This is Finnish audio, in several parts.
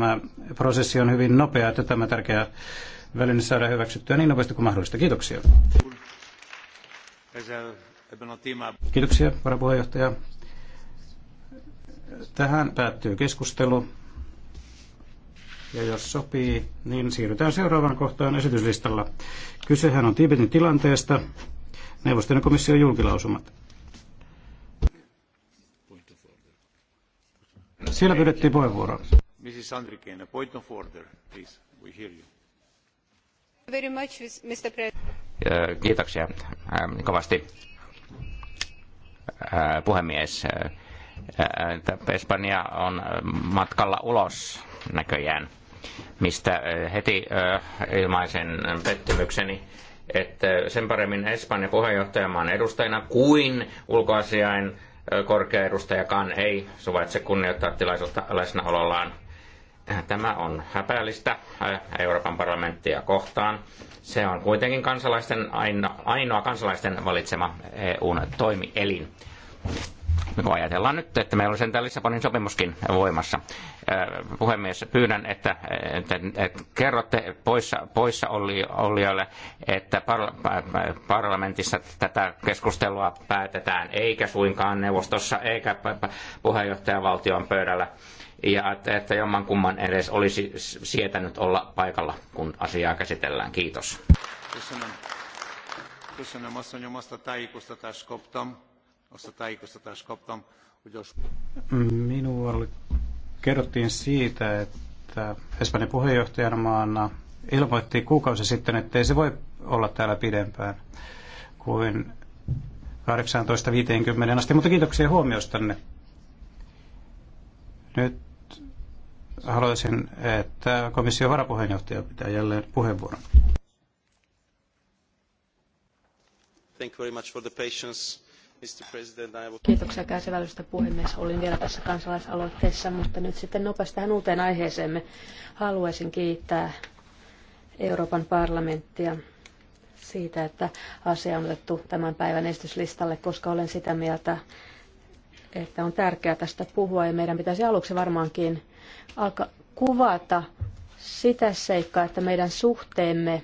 tämä prosessi on hyvin nopea, että tämä tärkeä väline saadaan hyväksyttyä niin nopeasti kuin mahdollista. Kiitoksia. Kiitoksia, varapuheenjohtaja. Tähän päättyy keskustelu. Ja jos sopii, niin siirrytään seuraavaan kohtaan esityslistalla. Kysehän on Tiibetin tilanteesta. Neuvoston ja komission julkilausumat. Siellä pyydettiin puheenvuoroa. Kiitoksia kovasti puhemies. Espanja on matkalla ulos näköjään, mistä heti ilmaisen pettymykseni että sen paremmin Espanja puheenjohtajamaan edustajana kuin ulkoasiain korkea edustajakaan ei suvaitse kunnioittaa tilaisuutta läsnäolollaan Tämä on häpeällistä äh, Euroopan parlamenttia kohtaan. Se on kuitenkin kansalaisten ainoa, ainoa kansalaisten valitsema EUn toimielin kun ajatellaan nyt, että meillä on sentään Lissabonin sopimuskin voimassa. Puhemies, pyydän, että, että, että kerrotte poissa, poissa olijoille, että parlamentissa tätä keskustelua päätetään, eikä suinkaan neuvostossa, eikä puheenjohtajavaltion pöydällä. Ja että jommankumman edes olisi sietänyt olla paikalla, kun asiaa käsitellään. Kiitos. Köszönöm. Köszönöm, asszonyom, azt a tájékoztatást kaptam Minulle kerrottiin siitä, että Espanjan puheenjohtajamaana ilmoitti kuukausi sitten, että ei se voi olla täällä pidempään kuin 18.50 asti. Mutta kiitoksia huomiostanne. Nyt haluaisin, että komission varapuheenjohtaja pitää jälleen puheenvuoron. Thank you very much for the patience. Kiitoksia käsivällisestä puhemies. Olin vielä tässä kansalaisaloitteessa, mutta nyt sitten nopeasti tähän uuteen aiheeseemme. Haluaisin kiittää Euroopan parlamenttia siitä, että asia on otettu tämän päivän esityslistalle, koska olen sitä mieltä, että on tärkeää tästä puhua ja meidän pitäisi aluksi varmaankin alkaa kuvata sitä seikkaa, että meidän suhteemme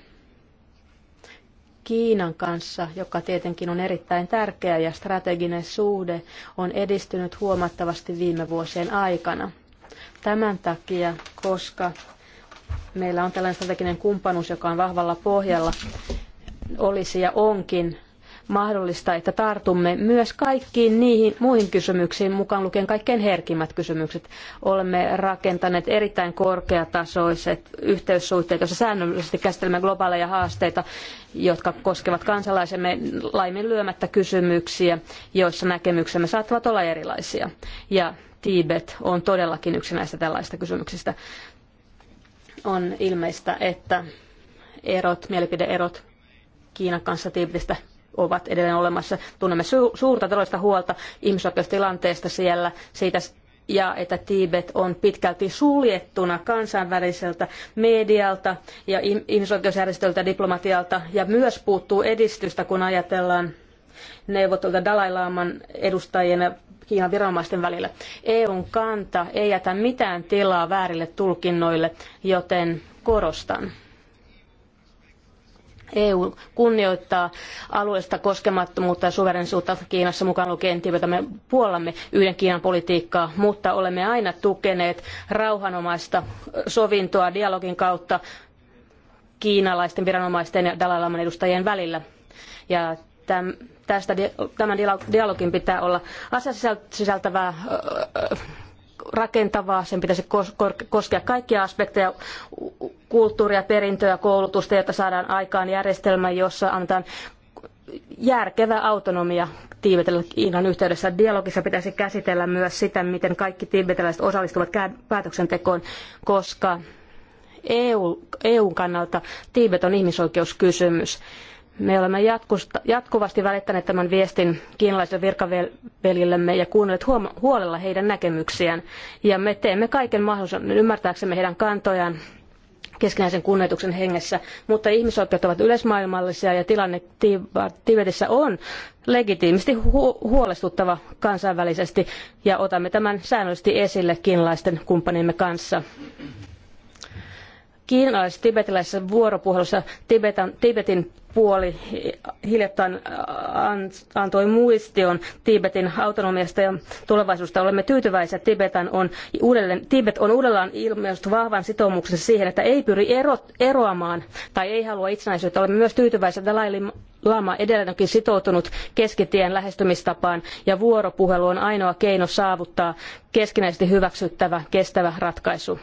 Kiinan kanssa, joka tietenkin on erittäin tärkeä ja strateginen suhde, on edistynyt huomattavasti viime vuosien aikana. Tämän takia, koska meillä on tällainen strateginen kumppanuus, joka on vahvalla pohjalla, olisi ja onkin mahdollista, että tartumme myös kaikkiin niihin muihin kysymyksiin, mukaan lukien kaikkein herkimmät kysymykset. Olemme rakentaneet erittäin korkeatasoiset yhteyssuhteet, joissa säännöllisesti käsittelemme globaaleja haasteita, jotka koskevat kansalaisemme laiminlyömättä kysymyksiä, joissa näkemyksemme saattavat olla erilaisia. Ja Tibet on todellakin yksi näistä tällaista kysymyksistä. On ilmeistä, että erot, mielipideerot Kiinan kanssa Tiibetistä ovat edelleen olemassa. Tunnemme su- suurta taloudellista huolta ihmisoikeustilanteesta siellä, siitä ja että Tiibet on pitkälti suljettuna kansainväliseltä medialta ja ihmisoikeusjärjestöltä, diplomatialta ja myös puuttuu edistystä, kun ajatellaan neuvotteluita Dalai Laman edustajien ja Kiinan viranomaisten välillä. EUn kanta ei jätä mitään tilaa väärille tulkinnoille, joten korostan EU kunnioittaa alueellista koskemattomuutta ja suverenisuutta Kiinassa mukaan lukien jota me puollamme yhden Kiinan politiikkaa, mutta olemme aina tukeneet rauhanomaista sovintoa dialogin kautta kiinalaisten viranomaisten ja Dalai Laman edustajien välillä. Ja täm, tästä, tämän dialogin pitää olla asiasisältävää rakentavaa, sen pitäisi koskea kaikkia aspekteja, kulttuuria, perintöä, koulutusta, jotta saadaan aikaan järjestelmä, jossa annetaan järkevä autonomia Tiibetille Kiinan yhteydessä. Dialogissa pitäisi käsitellä myös sitä, miten kaikki tiibeteläiset osallistuvat päätöksentekoon, koska EU, EUn kannalta Tiibet on ihmisoikeuskysymys. Me olemme jatkuvasti välittäneet tämän viestin kiinalaisille virkavelillemme ja kuunnelleet huolella heidän näkemyksiään. Ja me teemme kaiken mahdollisen ymmärtääksemme heidän kantojaan keskinäisen kunnioituksen hengessä, mutta ihmisoikeudet ovat yleismaailmallisia ja tilanne Tibetissä on legitiimisti huolestuttava kansainvälisesti ja otamme tämän säännöllisesti esille kiinalaisten kumppanimme kanssa kiinalais-tibetiläisessä vuoropuhelussa Tibetan, Tibetin puoli hiljattain äh, antoi muistion Tibetin autonomiasta ja tulevaisuudesta. Olemme tyytyväisiä, että on uudelleen, Tibet on uudellaan ilmeisesti vahvan sitoumuksen siihen, että ei pyri ero, eroamaan tai ei halua itsenäisyyttä. Olemme myös tyytyväisiä, että Dalai Lama edelleen onkin sitoutunut keskitien lähestymistapaan ja vuoropuhelu on ainoa keino saavuttaa keskinäisesti hyväksyttävä kestävä ratkaisu.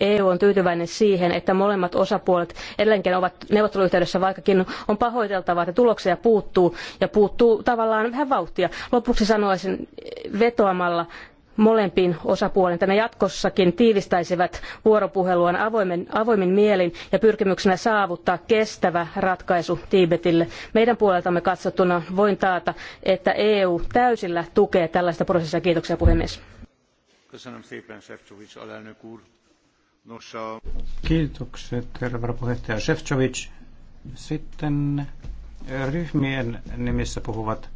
EU on tyytyväinen siihen, että molemmat osapuolet edelleenkin ovat neuvotteluyhteydessä, vaikkakin on pahoiteltavaa, että tuloksia puuttuu ja puuttuu tavallaan vähän vauhtia. Lopuksi sanoisin vetoamalla molempiin osapuoliin, että ne jatkossakin tiivistäisivät vuoropuheluaan avoimen, avoimin mielin ja pyrkimyksenä saavuttaa kestävä ratkaisu Tiibetille. Meidän puoleltamme katsottuna voin taata, että EU täysillä tukee tällaista prosessia. Kiitoksia puhemies. Kiitokset, herra varapuheenjohtaja Shevchovic. Sitten eh, ryhmien nimissä puhuvat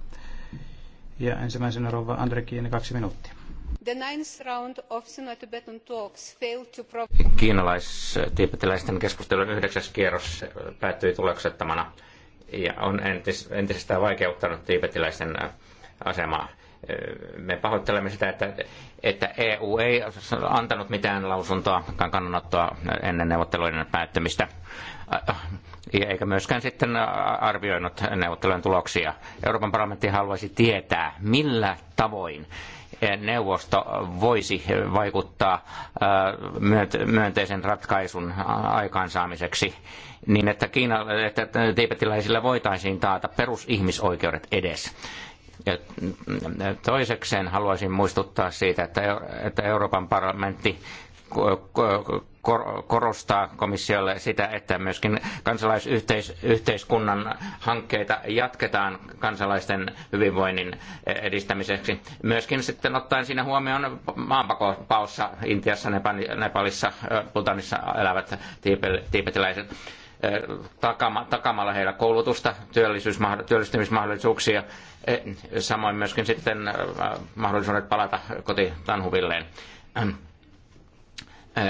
ja ensimmäisenä rouva Andre Kiini, kaksi minuuttia. The ninth round of Sino-Tibetan talks failed to kiinalais tiipetiläisten keskustelun yhdeksäs kierros päättyi tuloksettamana ja on entis, entisestään vaikeuttanut tiipetiläisten eh, asemaa me pahoittelemme sitä, että, että EU ei antanut mitään lausuntoa, kannanottoa ennen neuvotteluiden päättymistä, eikä myöskään sitten arvioinut neuvottelujen tuloksia. Euroopan parlamentti haluaisi tietää, millä tavoin neuvosto voisi vaikuttaa myönteisen ratkaisun aikaansaamiseksi niin, että, Kiina, että tiibetiläisillä voitaisiin taata perusihmisoikeudet edes ja mm, mm, toisekseen haluaisin muistuttaa siitä, että Euroopan parlamentti korostaa komissiolle sitä, että myöskin kansalaisyhteiskunnan hankkeita jatketaan kansalaisten hyvinvoinnin edistämiseksi. Myöskin sitten ottaen siinä huomioon maanpakossa Intiassa, Nepalissa, Putanissa elävät tiipetiläiset takamalla heillä koulutusta, työllistymismahdollisuuksia, e, samoin myöskin sitten mahdollisuudet palata kotitanhuvilleen. E,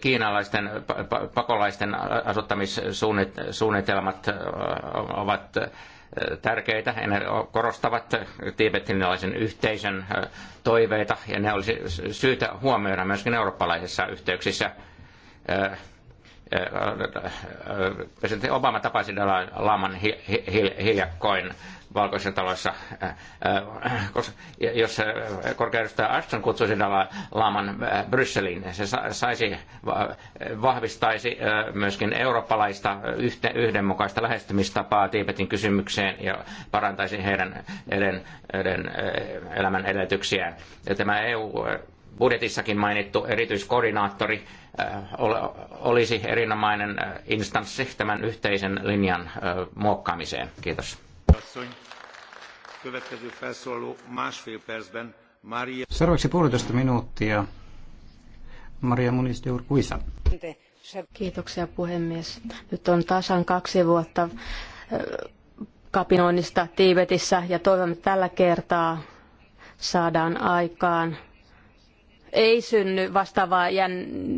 kiinalaisten pakolaisten asuttamissuunnitelmat ovat tärkeitä ja ne korostavat tiibetinilaisen yhteisön toiveita ja ne olisi syytä huomioida myöskin eurooppalaisissa yhteyksissä Äh, äh, presidentti Obama tapasi Laman hiljakkoin valkoisessa talossa, äh, jos korkeudustaja Ashton kutsuisi Laman Brysseliin, se saisi, vahvistaisi myöskin eurooppalaista yhdenmukaista lähestymistapaa Tiibetin kysymykseen ja parantaisi heidän eden, elämän edellytyksiään. tämä EU budjetissakin mainittu erityiskoordinaattori äh, olisi erinomainen äh, instanssi tämän yhteisen linjan äh, muokkaamiseen. Kiitos. Seuraavaksi puolitoista minuuttia. Maria Munis de Urquiza. Kiitoksia puhemies. Nyt on tasan kaksi vuotta kapinoinnista Tiibetissä ja toivon, että tällä kertaa saadaan aikaan ei synny vastaavaa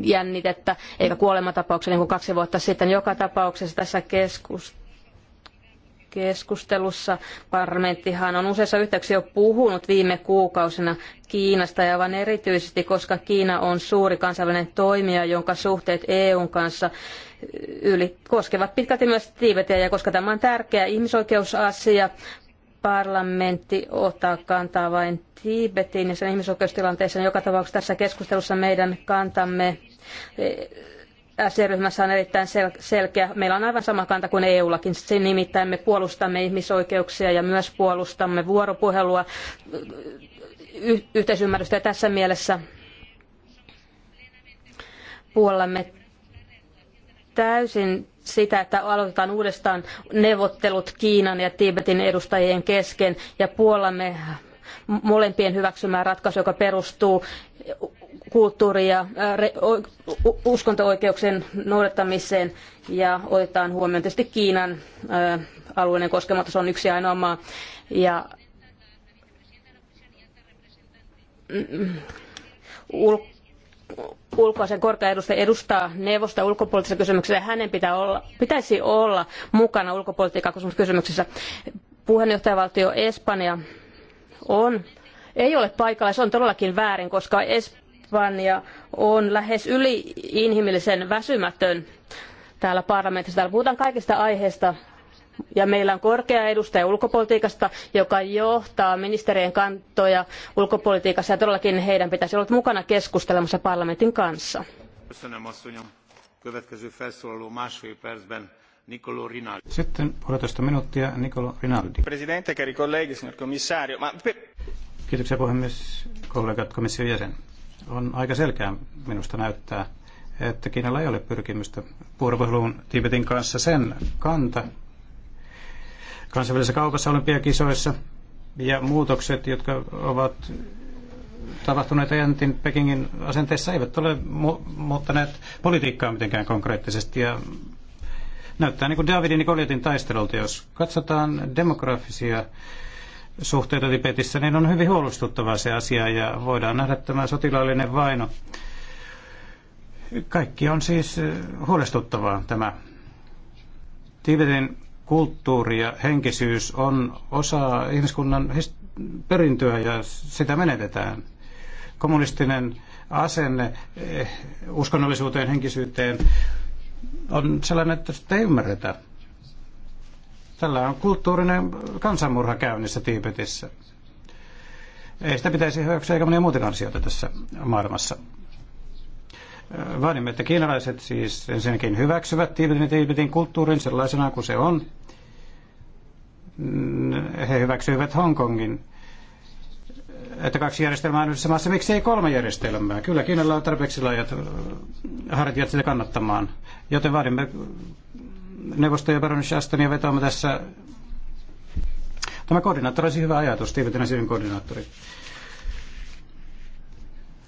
jännitettä eikä kuolemantapauksia niin kuin kaksi vuotta sitten. Joka tapauksessa tässä keskustelussa keskustelussa. Parlamenttihan on useissa yhteyksissä jo puhunut viime kuukausina Kiinasta ja aivan erityisesti, koska Kiina on suuri kansainvälinen toimija, jonka suhteet EUn kanssa yli, koskevat pitkälti myös Tiibetiä ja koska tämä on tärkeä ihmisoikeusasia, parlamentti ottaa kantaa vain Tiibetiin ja sen ihmisoikeustilanteeseen. Joka tapauksessa tässä keskustelussa meidän kantamme asiaryhmässä eh, ryhmässä on erittäin sel- selkeä. Meillä on aivan sama kanta kuin eu Sen nimittäin me puolustamme ihmisoikeuksia ja myös puolustamme vuoropuhelua, y- yhteisymmärrystä. Ja tässä mielessä puolemme täysin sitä, että aloitetaan uudestaan neuvottelut Kiinan ja Tiibetin edustajien kesken ja puolamme molempien hyväksymää ratkaisu, joka perustuu kulttuuri- ja uskonto-oikeuksien noudattamiseen ja otetaan huomioon tietysti Kiinan alueellinen koskematta, se on yksi ainoa maa. Ja mm, mm, ulkoisen korkean edustaja edustaa neuvosta ulkopoliittisissa kysymyksissä ja hänen pitää olla, pitäisi olla mukana ulkopolitiikan kysymyksissä. Puheenjohtajavaltio Espanja on, ei ole paikalla, se on todellakin väärin, koska Espanja on lähes yliinhimillisen väsymätön täällä parlamentissa. Täällä puhutaan kaikista aiheista, ja meillä on korkea edustaja ulkopolitiikasta, joka johtaa ministerien kantoja ulkopolitiikassa ja todellakin heidän pitäisi olla mukana keskustelemassa parlamentin kanssa. Sitten puolitoista minuuttia Nicolo Rinaldi. Presidente, cari colleghi, signor commissario. Ma... Kiitoksia puhemies, kollegat, komission jäsen. On aika selkeää minusta näyttää, että Kiinalla ei ole pyrkimystä vuoropuheluun Tibetin kanssa sen kanta, kansainvälisessä kaupassa olympiakisoissa ja muutokset, jotka ovat tapahtuneet Entin Pekingin asenteessa, eivät ole mu- muuttaneet politiikkaa mitenkään konkreettisesti. Ja näyttää niin kuin Davidin ja Koljetin taistelulta. Jos katsotaan demografisia suhteita Tibetissä, niin on hyvin huolestuttava se asia ja voidaan nähdä tämä sotilaallinen vaino. Kaikki on siis huolestuttavaa tämä. Tibetin kulttuuri ja henkisyys on osa ihmiskunnan perintöä ja sitä menetetään. Kommunistinen asenne eh, uskonnollisuuteen, henkisyyteen on sellainen, että sitä ei ymmärretä. Tällä on kulttuurinen kansanmurha käynnissä Tiibetissä. Ei sitä pitäisi hyväksyä eikä monia muitakaan asioita tässä maailmassa. Vaadimme, että kiinalaiset siis ensinnäkin hyväksyvät Tiibetin ja Tiibetin kulttuurin sellaisena kuin se on he hyväksyivät Hongkongin että kaksi järjestelmää on yhdessä maassa, miksi ei kolme järjestelmää? Kyllä Kiinalla on tarpeeksi laajat hartiat sitä kannattamaan. Joten vaadimme neuvosto ja Baronissa Astonia vetoamme tässä. Tämä koordinaattori olisi hyvä ajatus, Tiivetin asioiden koordinaattori.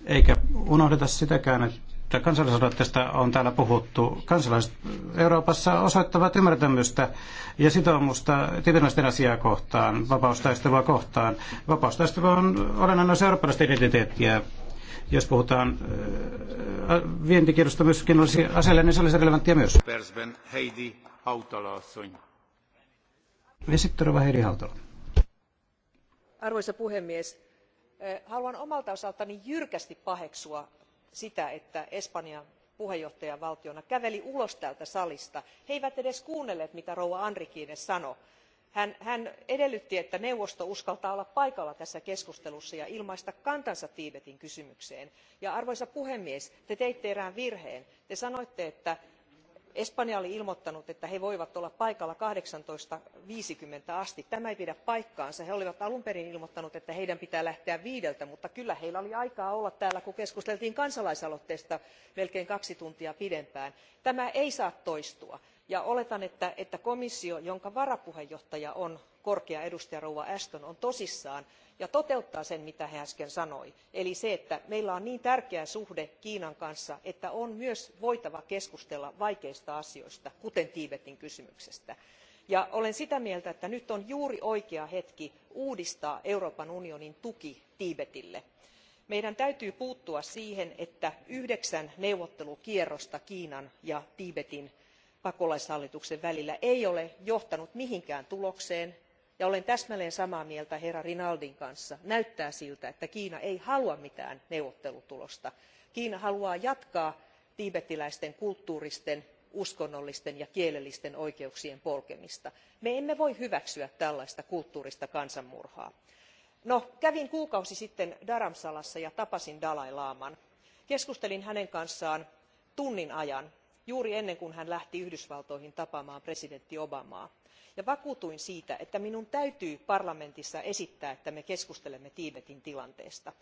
Eikä unohdeta sitäkään, että kansalaisaloitteesta on täällä puhuttu. Kansalaiset Euroopassa osoittavat ymmärtämystä ja sitoumusta tietynlaisten asiaa kohtaan, vapaustaistelua kohtaan. Vapaustaistelu on olennainen osa eurooppalaista identiteettiä. Jos puhutaan äh, äh, vientikiedosta myöskin olisi aseelle, niin se olisi relevanttia myös. Heidi Hautala, ja Heidi Hautala. Arvoisa puhemies, äh, haluan omalta osaltani jyrkästi paheksua sitä että espanja puheenjohtajavaltiona käveli ulos täältä salista. he eivät edes kuunnelleet mitä rouva andrikienes sanoi. hän edellytti että neuvosto uskaltaa olla paikalla tässä keskustelussa ja ilmaista kantansa tiibetin kysymykseen. arvoisa puhemies te teitte erään virheen te sanoitte että espanja oli ilmoittanut että he voivat olla paikalla kahdeksantoista viisikymmentä asti. tämä ei pidä paikkaansa. he olivat alun perin ilmoittaneet että heidän pitää lähteä viideltä mutta kyllä heillä oli aikaa olla täällä kun keskusteltiin kansalaisaloitteesta melkein kaksi tuntia pidempään. tämä ei saa toistua ja oletan että komissio jonka varapuheenjohtaja on korkea edustaja ashton on tosissaan ja toteuttaa sen mitä hän äsken sanoi eli sen että meillä on niin tärkeä suhde kiinan kanssa että on myös voitava keskustella vaikeista asioista kuten tiibetin kysymyksestä. olen sitä mieltä että nyt on juuri oikea hetki uudistaa euroopan unionin tuki tiibetille. meidän täytyy puuttua siihen että yhdeksän neuvottelukierrosta kiinan ja tiibetin pakolaishallituksen välillä ei ole johtanut mihinkään tulokseen ja olen täsmälleen samaa mieltä esittelijä rinaldin kanssa näyttää siltä että kiina ei halua mitään neuvottelutulosta. kiina haluaa jatkaa tiibetiläisten kulttuuristen uskonnollisten ja kielellisten oikeuksien polkemista. me emme voi hyväksyä tällaista kulttuurista kansanmurhaa. No, kävin kuukausi sitten dharamsalassa ja tapasin dalai laman. keskustelin hänen kanssaan tunnin ajan juuri ennen kuin hän lähti yhdysvaltoihin tapaamaan presidentti obamaa ja vakuutuin siitä että minun täytyy parlamentissa esittää että me keskustelemme tiibetin tilanteesta.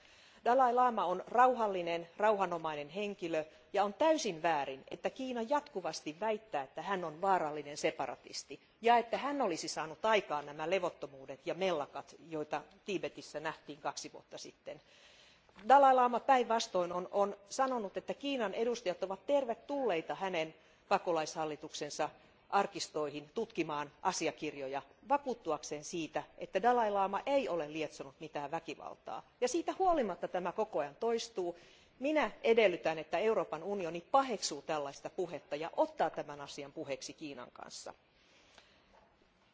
dalai lama on rauhallinen rauhanomainen henkilö ja on täysin väärin että kiina jatkuvasti väittää että hän on vaarallinen separatisti ja että hän olisi saanut aikaan nämä levottomuudet ja mellakat joita tiibetissä nähtiin kaksi vuotta sitten dalai lama päinvastoin on sanonut että kiinan edustajat ovat tervetulleita hänen pakolaishallituksensa arkistoihin tutkimaan asiakirjoja vakuuttuakseen siitä että dalai lama ei ole lietsonut mitään väkivaltaa ja siitä huolimatta tämä koko ajan toistuu. minä edellytän että euroopan unioni paheksuu tällaista puhetta ja ottaa tämän asian puheeksi kiinan kanssa.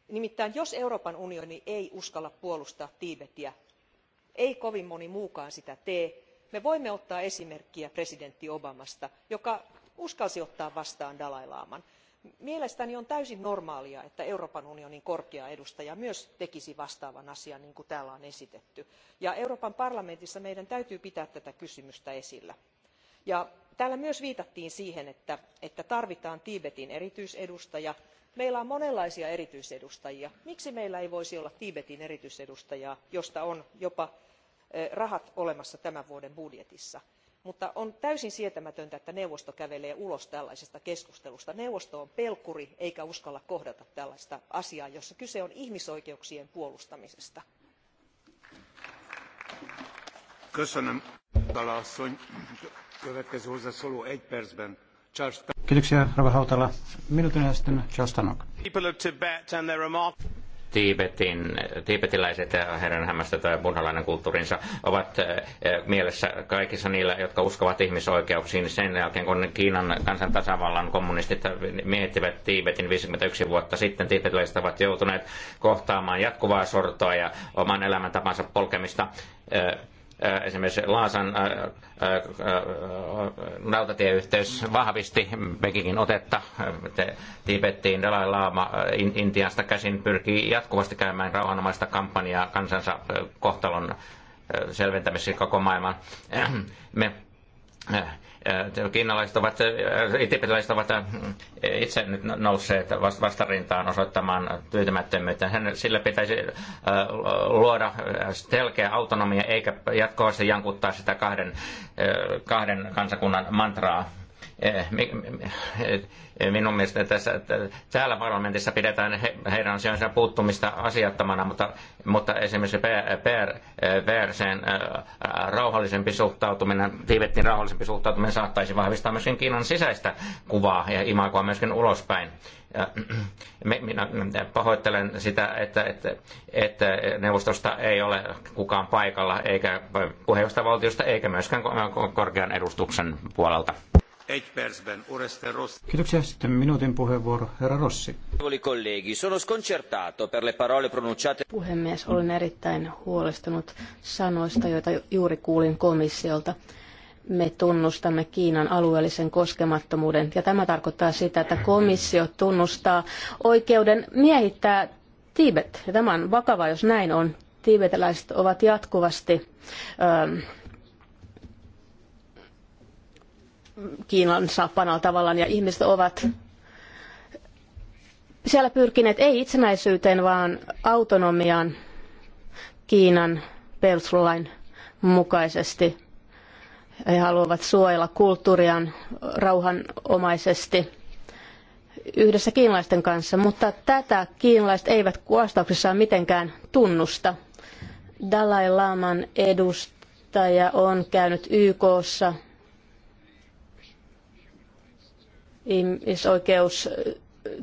nimittäin jos euroopan unioni ei uskalla puolustaa tiibetiä ei kovin moni muukaan sitä tee me voimme ottaa esimerkkiä presidentti obamasta joka uskalsi ottaa vastaan dalai laaman. mielestäni on täysin normaalia että euroopan unionin korkea edustaja myös tekisi vastaavan asian niin kuin täällä on esitetty ja euroopan parlamentissa meidän täytyy pitää tätä kysymystä esillä. täällä myös viitattiin siihen että, että tarvitaan tiibetin erityisedustaja. meillä on monenlaisia erityisedustajia miksi meillä ei voisi olla tiibetin erityisedustajaa josta on jopa rahat olemassa tämän vuoden budjetissa mutta on täysin sietämätöntä että neuvosto kävelee ulos tällaisesta keskustelusta. neuvosto on pelkuri eikä uskalla kohdata tällaista asiaa jossa kyse on ihmisoikeuksien puolustamisesta. Kiitoksia, Rava Hautala. Minuutin Charles Tiibetin, tiibetiläiset ja heidän hämmästötä ja buddhalainen kulttuurinsa ovat eh, eh, mielessä kaikissa niillä, jotka uskovat ihmisoikeuksiin sen jälkeen, kun Kiinan kansan tasavallan kommunistit miettivät Tiibetin 51 vuotta sitten. Tiibetiläiset ovat joutuneet kohtaamaan jatkuvaa sortoa ja oman elämäntapansa polkemista eh, Äh, esimerkiksi Laasan äh, äh, rautatieyhteys vahvisti Pekingin otetta Tibettiin. Dalai Lama Intiasta käsin pyrkii jatkuvasti käymään rauhanomaista kampanjaa kansansa kohtalon selventämiseksi koko maailman. Me Äh, kiinalaiset ovat, äh, tibetiläiset ovat äh, itse nyt nousseet vastarintaan osoittamaan tyytymättömyyttä. Hän, sillä pitäisi luoda selkeä autonomia eikä jatkuvasti jankuttaa sitä kahden, kahden kansakunnan mantraa Eh, eh, minun mielestä tässä, täällä parlamentissa pidetään he, heidän ansioinsa puuttumista asiattomana, mutta, mutta esimerkiksi PR, eh, sen rauhallisempi suhtautuminen, Tiibetin rauhallisempi suhtautuminen saattaisi vahvistaa myöskin Kiinan sisäistä kuvaa ja imagoa myöskin ulospäin. Ja minä pahoittelen sitä, että, että, että neuvostosta ei ole kukaan paikalla, eikä puheenjohtajavaltiosta, eikä myöskään korkean edustuksen puolelta. Kiitoksia. Sitten minuutin puheenvuoro, herra Rossi. Puhemies, olen erittäin huolestunut sanoista, joita juuri kuulin komissiolta. Me tunnustamme Kiinan alueellisen koskemattomuuden, ja tämä tarkoittaa sitä, että komissio tunnustaa oikeuden miehittää Tibet. Ja tämä on vakavaa, jos näin on. Tiibetiläiset ovat jatkuvasti... Öö, Kiinan saappanalla tavallaan ja ihmiset ovat siellä pyrkineet ei itsenäisyyteen, vaan autonomiaan Kiinan perustuslain mukaisesti. He haluavat suojella kulttuuriaan rauhanomaisesti yhdessä kiinalaisten kanssa, mutta tätä kiinalaiset eivät kuvastauksessaan mitenkään tunnusta. Dalai Laman edustaja on käynyt YKssa – ihmisoikeus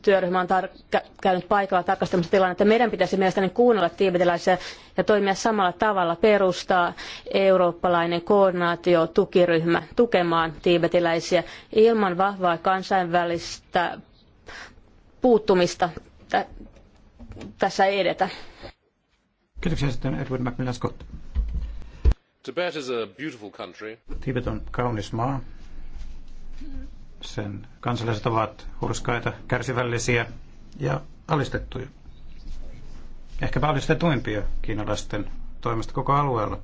työryhmä on tar- käynyt paikalla tarkastamassa tilannetta. Meidän pitäisi mielestäni kuunnella tiibetiläisiä ja toimia samalla tavalla, perustaa eurooppalainen koordinaatiotukiryhmä tukemaan tiibetiläisiä ilman vahvaa kansainvälistä puuttumista. tässä ei edetä. Kiitoksia sitten Edward Macmillan Scott. Tibet is a beautiful country. Tibet on kaunis maa sen kansalaiset ovat hurskaita, kärsivällisiä ja alistettuja. Ehkäpä alistetuimpia kiinalaisten toimesta koko alueella.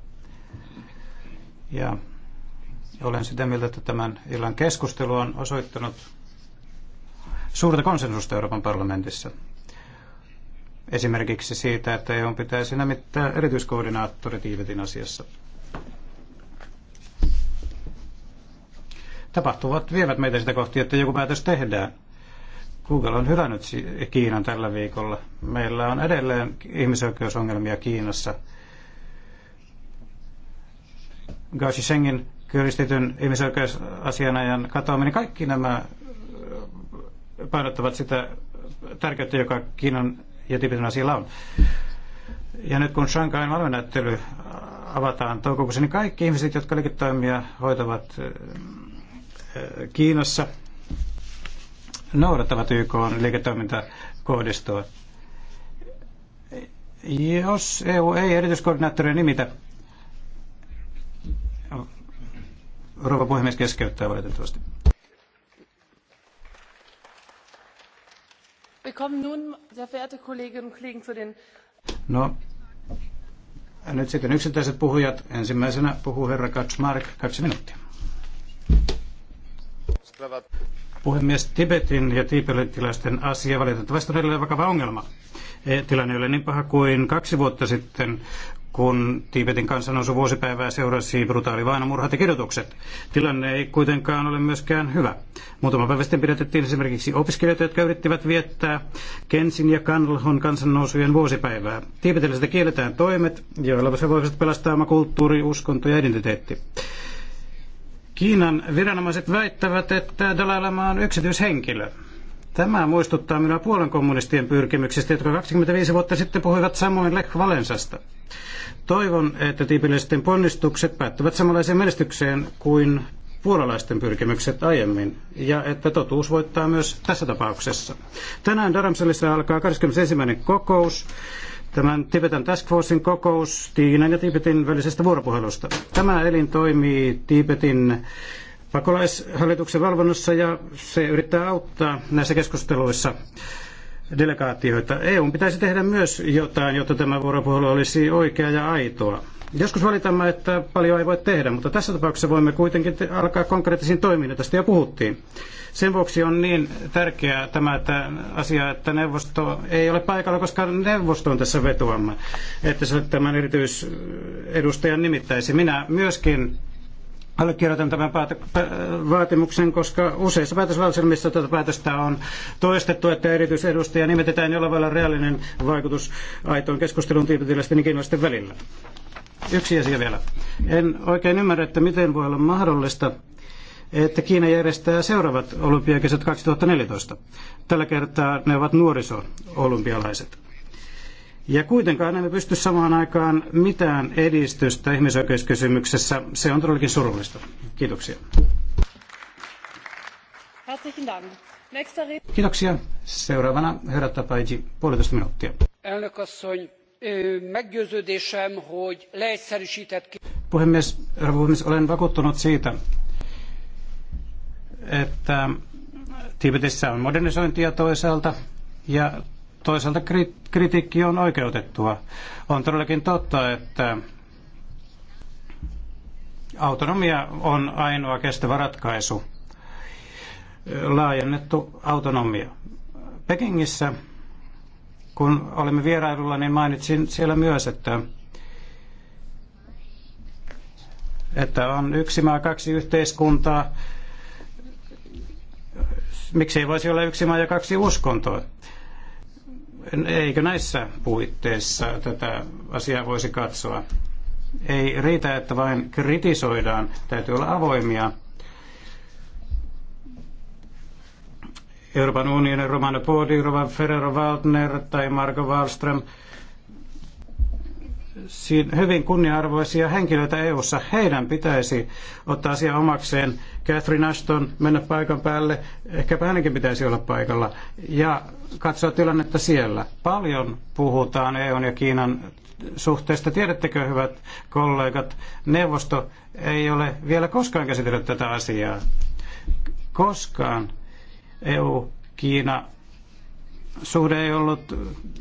Ja olen sitä mieltä, että tämän illan keskustelu on osoittanut suurta konsensusta Euroopan parlamentissa. Esimerkiksi siitä, että EU pitäisi nimittää erityiskoordinaattori Tiivetin asiassa. tapahtuvat vievät meitä sitä kohti, että joku päätös tehdään. Google on hylännyt Kiinan tällä viikolla. Meillä on edelleen ihmisoikeusongelmia Kiinassa. Gao Shengin kyristetyn ihmisoikeusasianajan katoaminen, kaikki nämä painottavat sitä tärkeyttä, joka Kiinan ja Tibetin asialla on. Ja nyt kun Shanghain valmennäyttely avataan toukokuussa, niin kaikki ihmiset, jotka liiketoimia hoitavat, Kiinassa noudattavat YK kohdistua. Jos EU ei erityiskoordinaattoria nimitä, rouva puhemies keskeyttää valitettavasti. No, nyt sitten yksittäiset puhujat. Ensimmäisenä puhuu herra Kaczmark, kaksi minuuttia. Puhemies, Tibetin ja tiibetiläisten asia valitettavasti on edelleen vakava ongelma. E, tilanne ole niin paha kuin kaksi vuotta sitten, kun Tiibetin kansannousu vuosipäivää seurasi brutaali vainamurhat ja kidutukset. Tilanne ei kuitenkaan ole myöskään hyvä. Muutama päivä sitten pidätettiin esimerkiksi opiskelijoita, jotka yrittivät viettää Kensin ja Kanlhon kansannousujen vuosipäivää. Tiibetiläisiltä kielletään toimet, joilla se voivat pelastaa oma kulttuuri, uskonto ja identiteetti. Kiinan viranomaiset väittävät, että Dalai Lama on yksityishenkilö. Tämä muistuttaa minua puolen kommunistien pyrkimyksistä, jotka 25 vuotta sitten puhuivat samoin Lech Valensasta. Toivon, että tiipillisten ponnistukset päättyvät samanlaiseen menestykseen kuin puolalaisten pyrkimykset aiemmin, ja että totuus voittaa myös tässä tapauksessa. Tänään Daramselissa alkaa 21. kokous, tämän Tibetan Task Forcein kokous Kiinan ja Tibetin välisestä vuoropuhelusta. Tämä elin toimii Tibetin pakolaishallituksen valvonnassa ja se yrittää auttaa näissä keskusteluissa delegaatioita. EU pitäisi tehdä myös jotain, jotta tämä vuoropuhelu olisi oikea ja aitoa. Joskus valitamme, että paljon ei voi tehdä, mutta tässä tapauksessa voimme kuitenkin alkaa konkreettisiin toimiin, tästä jo puhuttiin. Sen vuoksi on niin tärkeää tämä että asia, että neuvosto ei ole paikalla, koska neuvosto on tässä vetoamme, että se tämän erityisedustajan nimittäisi. Minä myöskin allekirjoitan tämän vaatimuksen, koska useissa päätöslauselmissa tätä päätöstä on toistettu, että erityisedustaja nimetetään jollain lailla reaalinen vaikutus aitoon keskusteluun tiipetiläisten ja kiinalaisten välillä. Yksi asia vielä. En oikein ymmärrä, että miten voi olla mahdollista, että Kiina järjestää seuraavat olympiakisat 2014. Tällä kertaa ne ovat nuoriso-olympialaiset. Ja kuitenkaan emme pysty samaan aikaan mitään edistystä ihmisoikeuskysymyksessä. Se on todellakin surullista. Kiitoksia. Kiitoksia. Seuraavana herra Tapaiji, puolitoista minuuttia meggyőződésem, hogy leegyszerűsített... Puhemies, puhemies, olen vakuuttunut siitä, että Tibetissä on modernisointia toisaalta ja toisaalta kritiikki on oikeutettua. On todellakin totta, että autonomia on ainoa kestävä ratkaisu. Laajennettu autonomia. Pekingissä kun olimme vierailulla, niin mainitsin siellä myös, että, että on yksi maa, kaksi yhteiskuntaa. Miksi ei voisi olla yksi maa ja kaksi uskontoa? Eikö näissä puitteissa tätä asiaa voisi katsoa? Ei riitä, että vain kritisoidaan. Täytyy olla avoimia Euroopan unionin Romano Podi, Roman Ferrero Waldner tai Marko Wallström, Siin hyvin kunnia-arvoisia henkilöitä EU-ssa. Heidän pitäisi ottaa asia omakseen. Catherine Ashton mennä paikan päälle, ehkäpä hänenkin pitäisi olla paikalla, ja katsoa tilannetta siellä. Paljon puhutaan EUn ja Kiinan suhteesta. Tiedättekö, hyvät kollegat, neuvosto ei ole vielä koskaan käsitellyt tätä asiaa. Koskaan EU-Kiina suhde ei ollut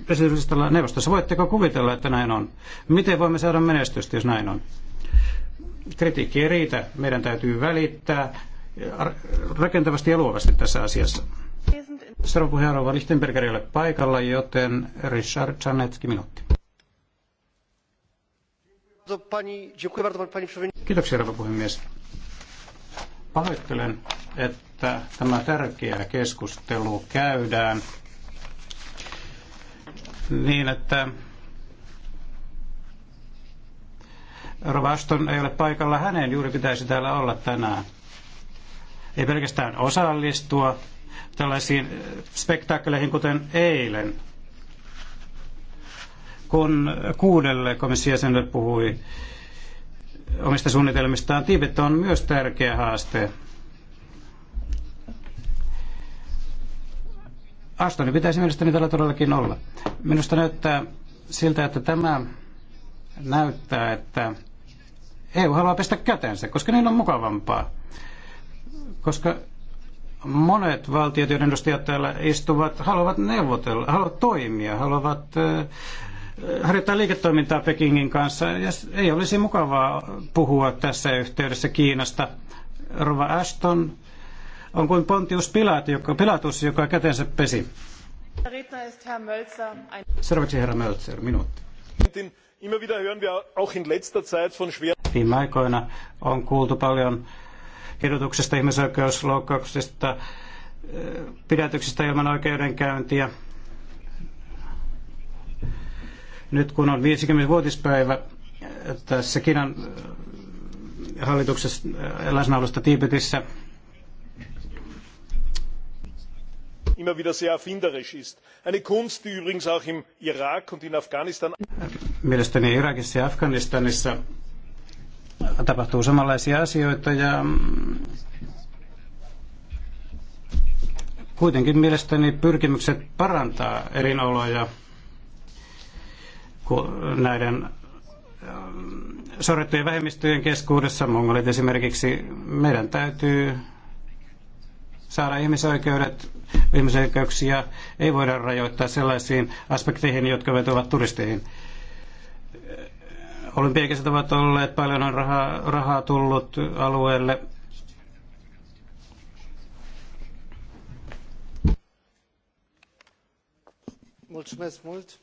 presidentistalla neuvostossa. Voitteko kuvitella, että näin on? Miten voimme saada menestystä, jos näin on? Kritiikki ei riitä. Meidän täytyy välittää rakentavasti ja luovasti tässä asiassa. Seuraava puheenjohtaja Lichtenberger ei ole paikalla, joten Richard Czarnecki minuutti. Kiitoksia, herra puhemies. Pahoittelen, että tämä tärkeä keskustelu käydään niin, että Rovaston ei ole paikalla, hänen juuri pitäisi täällä olla tänään. Ei pelkästään osallistua tällaisiin spektaakkeleihin kuten eilen, kun kuudelle komissiojäsenelle puhui omista suunnitelmistaan. Tiibet on myös tärkeä haaste Astonin pitäisi mielestäni tällä todellakin olla. Minusta näyttää siltä, että tämä näyttää, että EU haluaa pestä kätensä, koska niin on mukavampaa. Koska monet valtiot, joiden edustajat täällä istuvat, haluavat neuvotella, haluavat toimia, haluavat harjoittaa liiketoimintaa Pekingin kanssa. Ja ei olisi mukavaa puhua tässä yhteydessä Kiinasta. Rova Ashton on kuin Pontius Pilat, joka, Pilatus, joka kätensä pesi. Seuraavaksi herra Mölzer, minuutti. Immer wieder hören wir auch in letzter Zeit von Viime aikoina on kuultu paljon kidutuksesta, ihmisoikeusloukkauksista, eh, pidätyksistä ilman oikeudenkäyntiä. Nyt kun on 50-vuotispäivä eh, tässä Kiinan eh, hallituksessa läsnäolosta Tiibetissä, immer wieder sehr erfinderisch ist. Eine Kunst, die übrigens auch im Irak und in Afghanistan. Mielestäni Irakissa ja Afganistanissa tapahtuu samanlaisia asioita ja mm, kuitenkin mielestäni pyrkimykset parantaa erinoloja näiden mm, sorrettujen vähemmistöjen keskuudessa, mongolit esimerkiksi, meidän täytyy saada ihmisoikeudet, ihmisoikeuksia ei voida rajoittaa sellaisiin aspekteihin, jotka vetovat turisteihin. Olympiakisat ovat olleet, paljon on rahaa, rahaa tullut alueelle. Mulțumesc mult.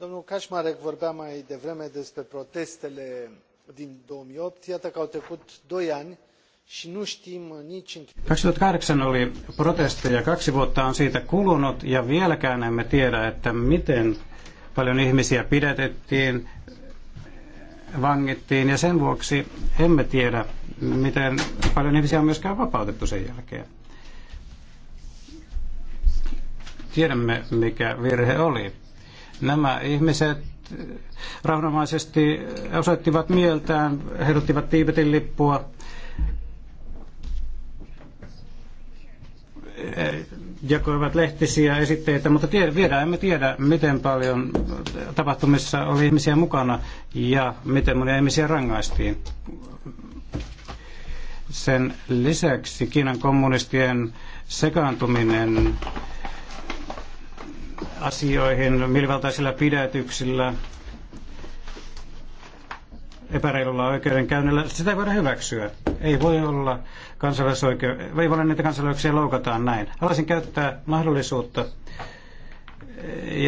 Domnul Kaczmarek vorbea mai devreme despre protestele din 2008. Iată că au trecut doi ani și 2008 uh, oli protesteja, kaksi vuotta on siitä kulunut ja vieläkään emme tiedä, että miten paljon ihmisiä pidätettiin, vangittiin ja sen vuoksi emme tiedä, miten paljon ihmisiä on myöskään vapautettu sen jälkeen. Tiedämme, mikä virhe oli. Nämä ihmiset eh, rauhanomaisesti osoittivat mieltään, heiluttivat Tiibetin lippua, jakoivat lehtisiä esitteitä, mutta tie, emme tiedä, miten paljon tapahtumissa oli ihmisiä mukana ja miten monia ihmisiä rangaistiin. Sen lisäksi Kiinan kommunistien sekaantuminen asioihin mielivaltaisilla pidätyksillä, epäreilulla oikeudenkäynnillä, sitä ei voida hyväksyä. Ei voi olla kansalaisoikeu- ei voi olla niitä kansalaisoikeuksia loukataan näin. Haluaisin käyttää mahdollisuutta,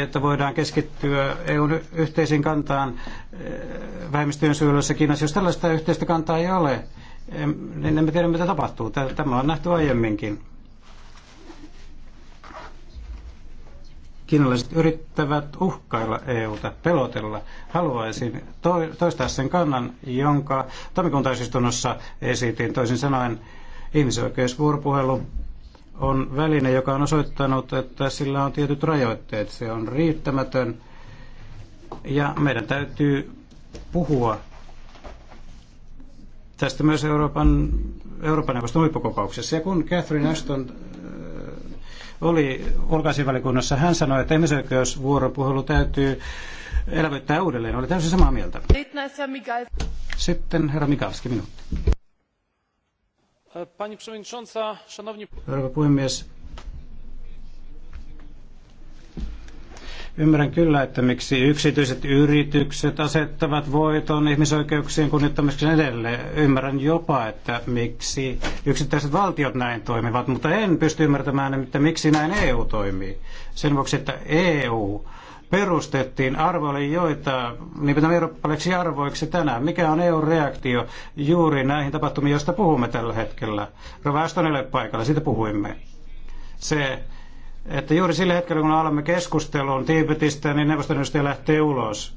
että eh, voidaan keskittyä EUn yhteisiin kantaan eh, vähemmistöjen suojelussa Kiinassa. Jos tällaista yhteistä kantaa ei ole, niin emme tiedä mitä tapahtuu. Tämä on nähty aiemminkin. Kiinalaiset yrittävät uhkailla EUta, pelotella. Haluaisin toistaa sen kannan, jonka tammikuun täysistunnossa esitin. Toisin sanoen ihmisoikeusvuoropuhelu on väline, joka on osoittanut, että sillä on tietyt rajoitteet. Se on riittämätön ja meidän täytyy puhua tästä myös Euroopan, Euroopan neuvoston huippukokouksessa. Ja kun Catherine Ashton oli ulkoasianvalikunnassa, hän sanoi, että ihmisoikeusvuoropuhelu täytyy elävyttää uudelleen. Oli täysin samaa mieltä. Sitten herra Mikalski, minuutti. Pani przewodnicząca, szanowni... Rouva puhemies, Ymmärrän kyllä, että miksi yksityiset yritykset asettavat voiton ihmisoikeuksien kunnittamiseksi edelleen. Ymmärrän jopa, että miksi yksittäiset valtiot näin toimivat, mutta en pysty ymmärtämään, että miksi näin EU toimii. Sen vuoksi, että EU perustettiin arvoille joita, nimetään eurooppalaisiksi arvoiksi tänään. Mikä on EU-reaktio juuri näihin tapahtumiin, joista puhumme tällä hetkellä? Rovaston ei ole paikalla, siitä puhuimme. Se että juuri sillä hetkellä, kun alamme keskustelun Tiibetistä, niin neuvoston edustaja lähtee ulos.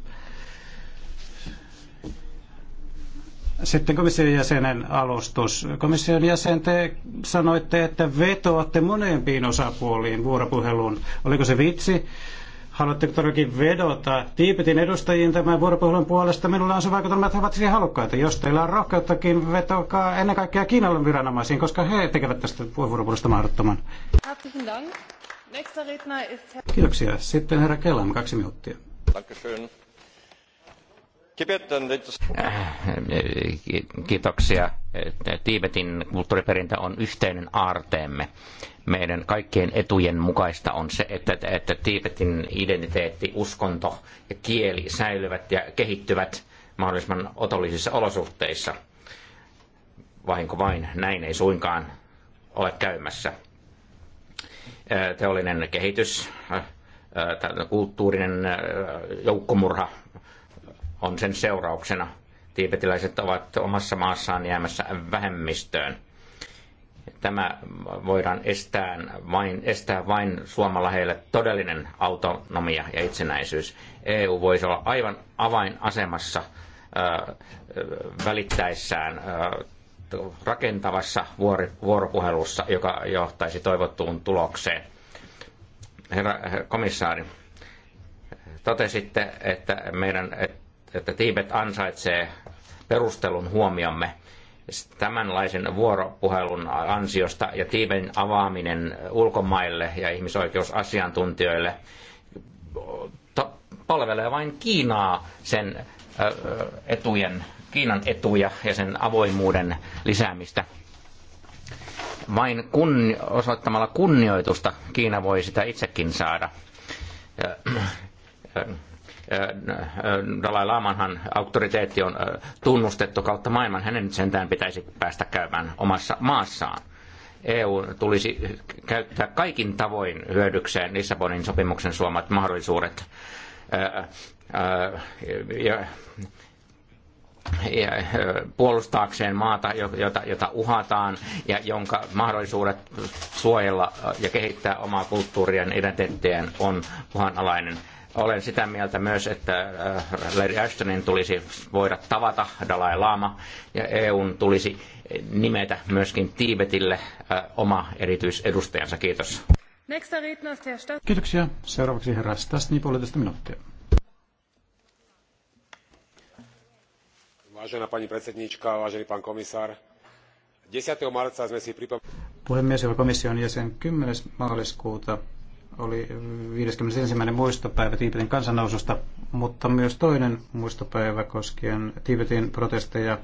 Sitten komission jäsenen alustus. Komission jäsen, te sanoitte, että vetoatte monempiin osapuoliin vuoropuheluun. Oliko se vitsi? Haluatteko todellakin vedota Tiipetin edustajiin tämän vuoropuhelun puolesta? Minulla on se vaikutelma, että he ovat siihen halukkaita. Jos teillä on rohkeuttakin, vetokaa ennen kaikkea Kiinan viranomaisiin, koska he tekevät tästä vuoropuhelusta mahdottoman. Herzlichen Dank. Kiitoksia. Sitten herra Kellam, kaksi minuuttia. Äh, kiitoksia. Äh, Tiibetin kulttuuriperintö on yhteinen aarteemme. Meidän kaikkien etujen mukaista on se, että, että Tiibetin identiteetti, uskonto ja kieli säilyvät ja kehittyvät mahdollisimman otollisissa olosuhteissa. Vahinko vain, näin ei suinkaan ole käymässä teollinen kehitys, kulttuurinen joukkomurha on sen seurauksena. Tiibetiläiset ovat omassa maassaan jäämässä vähemmistöön. Tämä voidaan estää vain, estää vain Suomalla heille todellinen autonomia ja itsenäisyys. EU voisi olla aivan avainasemassa välittäessään rakentavassa vuoropuhelussa, joka johtaisi toivottuun tulokseen. Herra komissaari, totesitte, että, meidän, että Tiibet ansaitsee perustelun huomiomme tämänlaisen vuoropuhelun ansiosta ja Tiiben avaaminen ulkomaille ja ihmisoikeusasiantuntijoille palvelee vain Kiinaa sen etujen, Kiinan etuja ja sen avoimuuden lisäämistä. Vain kun, osoittamalla kunnioitusta Kiina voi sitä itsekin saada. Dalai Lamanhan auktoriteetti on tunnustettu kautta maailman. Hänen sentään pitäisi päästä käymään omassa maassaan. EU tulisi käyttää kaikin tavoin hyödykseen Lissabonin sopimuksen suomat mahdollisuudet ja, ja, puolustaakseen maata, jota, jota uhataan ja jonka mahdollisuudet suojella ja kehittää omaa kulttuurien identiteettiään on uhanalainen. Olen sitä mieltä myös, että Larry Ashtonin tulisi voida tavata Dalai Lama ja EUn tulisi nimetä myöskin Tiibetille oma erityisedustajansa. Kiitos. Kiitoksia. Seuraavaksi herra Stasni, puolitoista minuuttia. Vážená pani predsedníčka, vážený pán komisár, 10. marca sme si pripom... Puhemies ja komission jäsen 10. maaliskuuta oli 51. muistopäivä Tiibetin kansannoususta, mutta myös toinen muistopäivä koskien Tiibetin protesteja.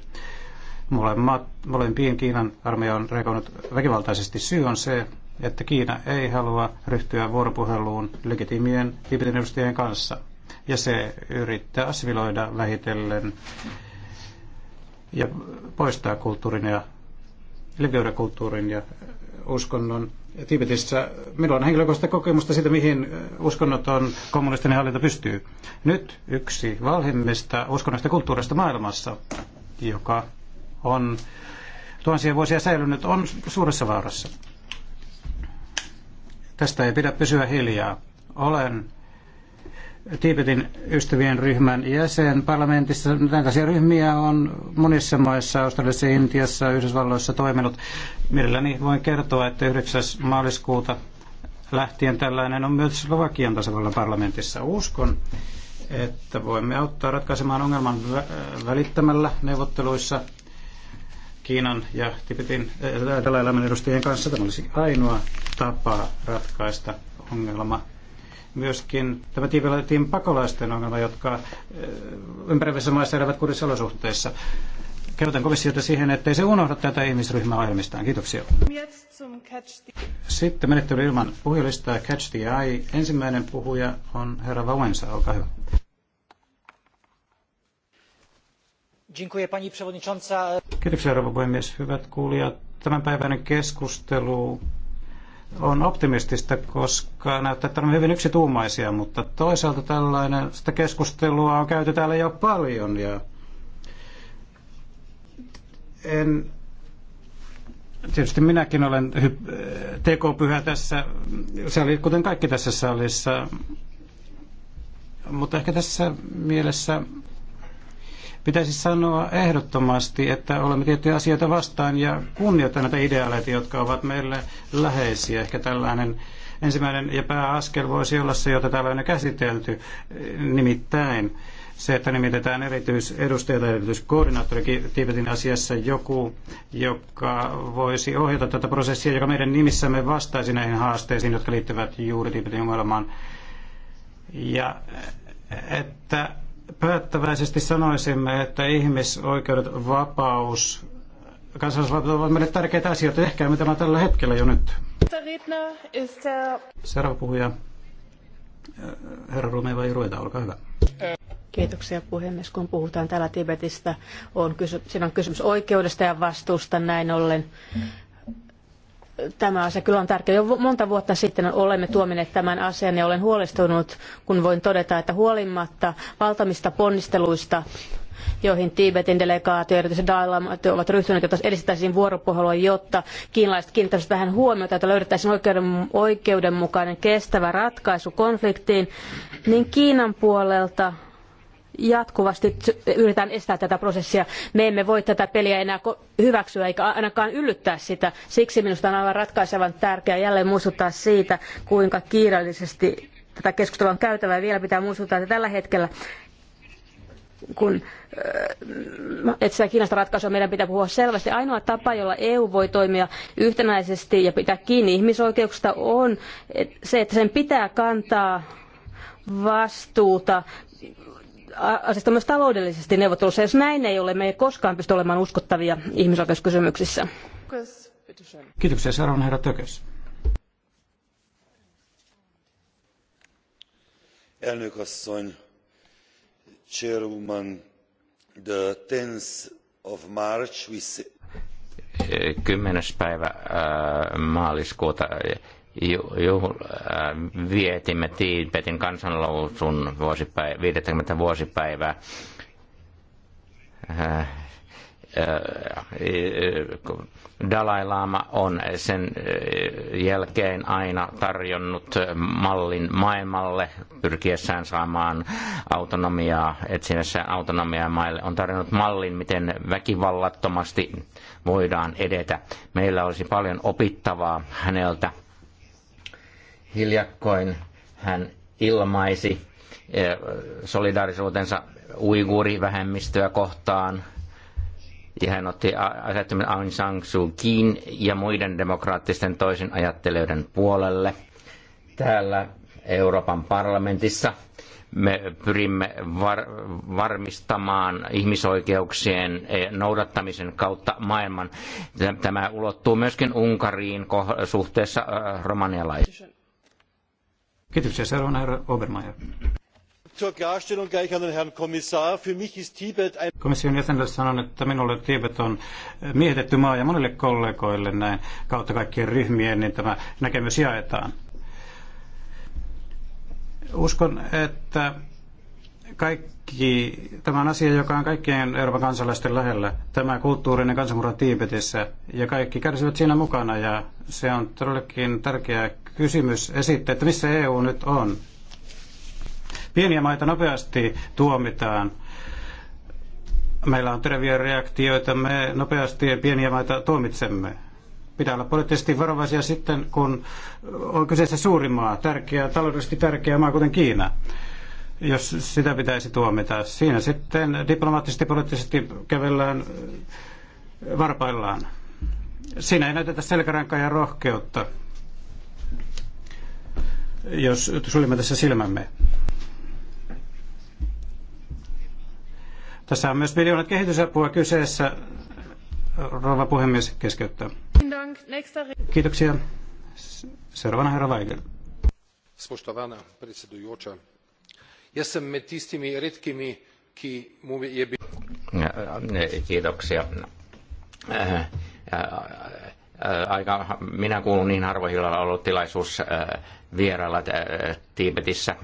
Molemmat, molempiin Kiinan armeija on reagoinut väkivaltaisesti. Syy on se, että Kiina ei halua ryhtyä vuoropuheluun legitiimien Tibetin edustajien kanssa. Ja se yrittää asviloida vähitellen ja poistaa kulttuurin ja kulttuurin ja uskonnon Tibetissä. Minulla on henkilökohtaista kokemusta siitä, mihin uskonnoton kommunistinen hallinto pystyy. Nyt yksi valhimmista uskonnoista kulttuurista maailmassa, joka on tuhansia vuosia säilynyt, on suuressa vaarassa. Tästä ei pidä pysyä hiljaa. Olen Tiipetin ystävien ryhmän jäsen parlamentissa. Tällaisia ryhmiä on monissa maissa, Australiassa, Intiassa, Yhdysvalloissa toiminut. Mielelläni voin kertoa, että 9. maaliskuuta lähtien tällainen on myös Slovakian tasavallan parlamentissa. Uskon, että voimme auttaa ratkaisemaan ongelman välittämällä neuvotteluissa Kiinan ja Tibetin äh, eteläelämän edustajien kanssa. Tämä olisi ainoa tapa ratkaista ongelma. Myöskin tämä Tibetin pakolaisten ongelma, jotka äh, ympäröivissä maissa elävät kurissa olosuhteissa. Kehotan komissiota siihen, ettei se unohda tätä ihmisryhmää ohjelmistaan. Kiitoksia. Sitten menettely ilman puhujalistaa Catch the Eye. Ensimmäinen puhuja on herra Vauensa. olkaa hyvä. Kiitoksia, rouva puhemies. Hyvät kuulijat, tämänpäiväinen keskustelu on optimistista, koska näyttää, että olemme hyvin yksituumaisia, mutta toisaalta tällainen sitä keskustelua on käyty täällä jo paljon ja en, tietysti minäkin olen hy- tekopyhä tässä salissa, kuten kaikki tässä salissa, mutta ehkä tässä mielessä Pitäisi sanoa ehdottomasti, että olemme tiettyjä asioita vastaan ja kunnioittaa näitä ideaaleita, jotka ovat meille läheisiä. Ehkä tällainen ensimmäinen ja pääaskel voisi olla se, jota täällä on jo käsitelty, nimittäin se, että nimitetään erityisedustaja tai erityiskoordinaattori Tiibetin asiassa joku, joka voisi ohjata tätä prosessia, joka meidän nimissämme vastaisi näihin haasteisiin, jotka liittyvät juuri Tiibetin ongelmaan. Ja että päättäväisesti sanoisimme, että ihmisoikeudet, vapaus, kansalaisvapaus ovat meille tärkeitä asioita. Ehkä me tämä tällä hetkellä jo nyt. Seuraava puhuja, herra Rumeva Irueta, olkaa hyvä. Kiitoksia puhemies. Kun puhutaan täällä Tibetistä, on kysy- siinä on kysymys oikeudesta ja vastuusta näin ollen tämä asia kyllä on tärkeä. Jo monta vuotta sitten olemme tuomineet tämän asian ja olen huolestunut, kun voin todeta, että huolimatta valtamista ponnisteluista, joihin Tiibetin delegaatio ja erityisesti Dalai ovat ryhtyneet, jotta edistettäisiin vuoropuhelua, jotta kiinalaiset kiinnittäisivät vähän huomiota, että löydettäisiin oikeuden, oikeudenmukainen kestävä ratkaisu konfliktiin, niin Kiinan puolelta jatkuvasti yritetään estää tätä prosessia. Me emme voi tätä peliä enää hyväksyä eikä ainakaan yllyttää sitä. Siksi minusta on aivan ratkaisevan tärkeää jälleen muistuttaa siitä, kuinka kiireellisesti tätä keskustelua on käytävä. vielä pitää muistuttaa, että tällä hetkellä kun äh, etsitään Kiinasta ratkaisua, meidän pitää puhua selvästi. Ainoa tapa, jolla EU voi toimia yhtenäisesti ja pitää kiinni ihmisoikeuksista, on se, että sen pitää kantaa vastuuta asiasta myös taloudellisesti neuvottelussa. Jos näin ei ole, me ei koskaan pysty olemaan uskottavia ihmisoikeuskysymyksissä. Kiitoksia. Seuraavana herra Tökös. Elnök chairwoman, the 10th of March, we 10. päivä äh, maaliskuuta juhl, äh, vietimme Tiibetin kansanlousun vuosipäivä, 50 vuosipäivää. Äh, äh, Dalai Lama on sen jälkeen aina tarjonnut mallin maailmalle pyrkiessään saamaan autonomiaa, etsinessään autonomiaa maille. On tarjonnut mallin, miten väkivallattomasti voidaan edetä. Meillä olisi paljon opittavaa häneltä Hiljakkoin hän ilmaisi eh, solidaarisuutensa uiguurivähemmistöä kohtaan. Ja hän otti asettumisen Aung San Suu Kyiin ja muiden demokraattisten toisin ajattelijoiden puolelle. Täällä Euroopan parlamentissa me pyrimme var, varmistamaan ihmisoikeuksien eh, noudattamisen kautta maailman. Tämä ulottuu myöskin Unkariin suhteessa eh, romanialaisiin. Kiitoksia. Seuraavana herra Obermeier. Zur Klarstellung gleich an den Herrn Kommissar. Für mich ist Tibet ein... Komission jäsenelle sanon, että minulle Tibet on äh, miehitetty maa ja monille kollegoille näin kautta kaikkien ryhmien, niin tämä näkemys jaetaan. Uskon, että kaikki, tämä on asia, joka on kaikkien Euroopan kansalaisten lähellä. Tämä kulttuurinen kansanmurha Tiibetissä ja kaikki kärsivät siinä mukana ja se on todellakin tärkeä kysymys esittää, että missä EU nyt on. Pieniä maita nopeasti tuomitaan. Meillä on teräviä reaktioita, me nopeasti pieniä maita tuomitsemme. Pitää olla poliittisesti varovaisia sitten, kun on kyseessä suuri maa, tärkeä, taloudellisesti tärkeä maa, kuten Kiina jos sitä pitäisi tuomita. Siinä sitten diplomaattisesti poliittisesti kävellään varpaillaan. Siinä ei näytetä selkärankaa ja rohkeutta, jos suljemme tässä silmämme. Tässä on myös miljoonat kehitysapua kyseessä. Rouva puhemies keskeyttää. Kiitoksia. Seuraavana herra Weigel. Spoštovana predsedujoča, Jaz sem med tistimi redkimi, ki mu je bil. Kiitoksia. Äh, äh, äh, aika, minä kuulun niin harvoin, jolla on ollut tilaisuus vierailla Tiibetissä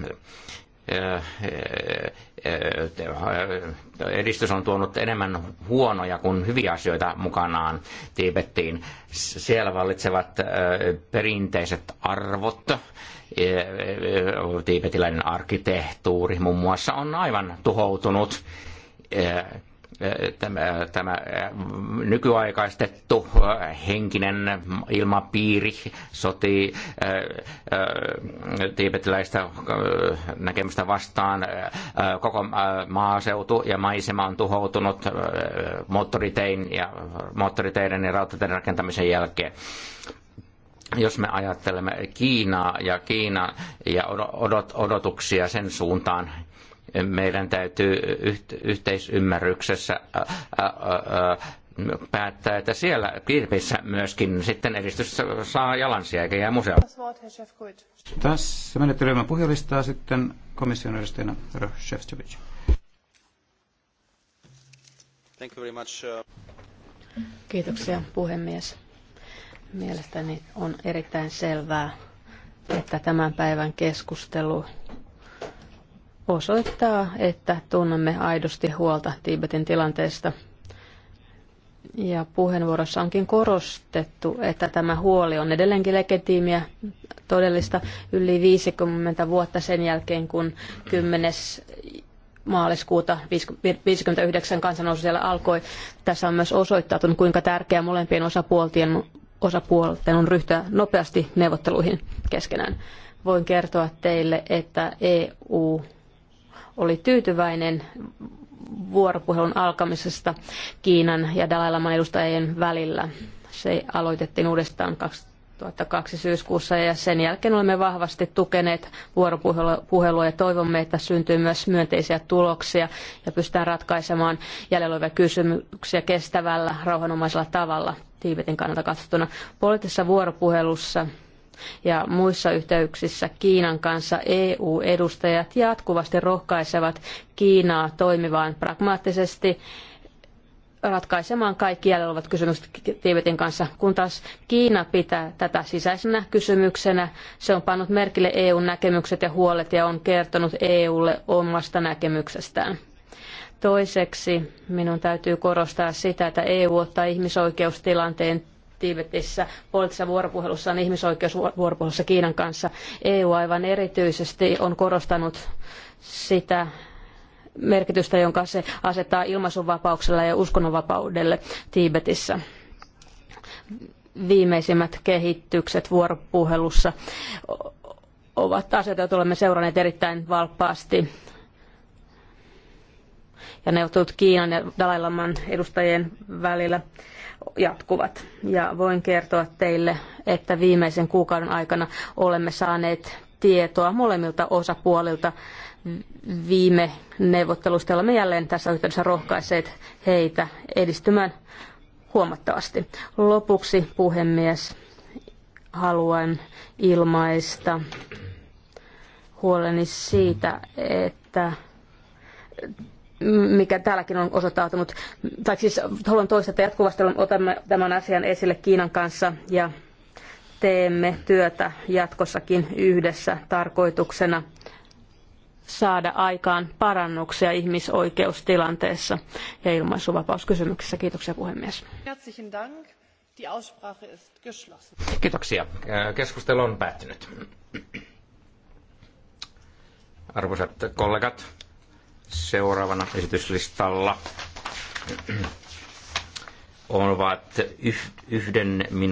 edistys on tuonut enemmän huonoja kuin hyviä asioita mukanaan Tiibettiin. Siellä vallitsevat perinteiset arvot, tiibetiläinen arkkitehtuuri muun muassa on aivan tuhoutunut tämä, tämä mm, nykyaikaistettu äh, henkinen ilmapiiri sotii äh, äh, tiibetiläistä näkemystä vastaan. Koko maaseutu ja maisema on tuhoutunut moottoritein ja, moottoriteiden ja rautateiden rakentamisen jälkeen jos me ajattelemme Kiinaa ja Kiina ja odot, odotuksia sen suuntaan, meidän täytyy yhteisymmärryksessä päättää, että siellä kirpissä myöskin sitten edistys saa jalansia eikä jää museoon. Tässä menette ryhmän sitten komission edustajana Shevchevic. Thank you very much. Uh, Kiitoksia puhemies. Mielestäni on erittäin selvää, että tämän päivän keskustelu osoittaa, että tunnemme aidosti huolta Tiibetin tilanteesta. Ja puheenvuorossa onkin korostettu, että tämä huoli on edelleenkin legitiimiä todellista yli 50 vuotta sen jälkeen, kun 10 maaliskuuta 59 kansanousu siellä alkoi. Tässä on myös osoittautunut, kuinka tärkeää molempien osapuolten, osapuolten on ryhtyä nopeasti neuvotteluihin keskenään. Voin kertoa teille, että EU oli tyytyväinen vuoropuhelun alkamisesta Kiinan ja Dalai Laman edustajien välillä. Se aloitettiin uudestaan 2002 syyskuussa ja sen jälkeen olemme vahvasti tukeneet vuoropuhelua ja toivomme, että syntyy myös myönteisiä tuloksia ja pystytään ratkaisemaan jäljellä olevia kysymyksiä kestävällä, rauhanomaisella tavalla Tiibetin kannalta katsottuna. Poliittisessa vuoropuhelussa ja muissa yhteyksissä Kiinan kanssa EU-edustajat jatkuvasti rohkaisevat Kiinaa toimivaan pragmaattisesti ratkaisemaan kaikki jäljellä olevat kysymykset Tiibetin kanssa, kun taas Kiina pitää tätä sisäisenä kysymyksenä. Se on pannut merkille EUn näkemykset ja huolet ja on kertonut EUlle omasta näkemyksestään. Toiseksi minun täytyy korostaa sitä, että EU ottaa ihmisoikeustilanteen Tiibetissä poliittisessa vuoropuhelussa ihmisoikeusvuoropuhelussa Kiinan kanssa. EU aivan erityisesti on korostanut sitä merkitystä, jonka se asettaa ilmaisunvapauksella ja uskonnonvapaudelle Tiibetissä viimeisimmät kehitykset vuoropuhelussa ovat asioita, joita olemme seuranneet erittäin valppaasti. Ja ne neuvottelut Kiinan ja Dalai Laman edustajien välillä jatkuvat. Ja voin kertoa teille, että viimeisen kuukauden aikana olemme saaneet tietoa molemmilta osapuolilta viime neuvottelusta. Olemme jälleen tässä yhteydessä rohkaiseet heitä edistymään huomattavasti. Lopuksi, puhemies, haluan ilmaista huoleni siitä, että mikä täälläkin on osoittautunut, tai siis haluan toistaa, että jatkuvasti otamme tämän asian esille Kiinan kanssa ja teemme työtä jatkossakin yhdessä tarkoituksena saada aikaan parannuksia ihmisoikeustilanteessa ja ilmaisuvapauskysymyksissä. Kiitoksia puhemies. Kiitoksia. Keskustelu on päättynyt. Arvoisat kollegat, seuraavana esityslistalla ovat yhden minuutin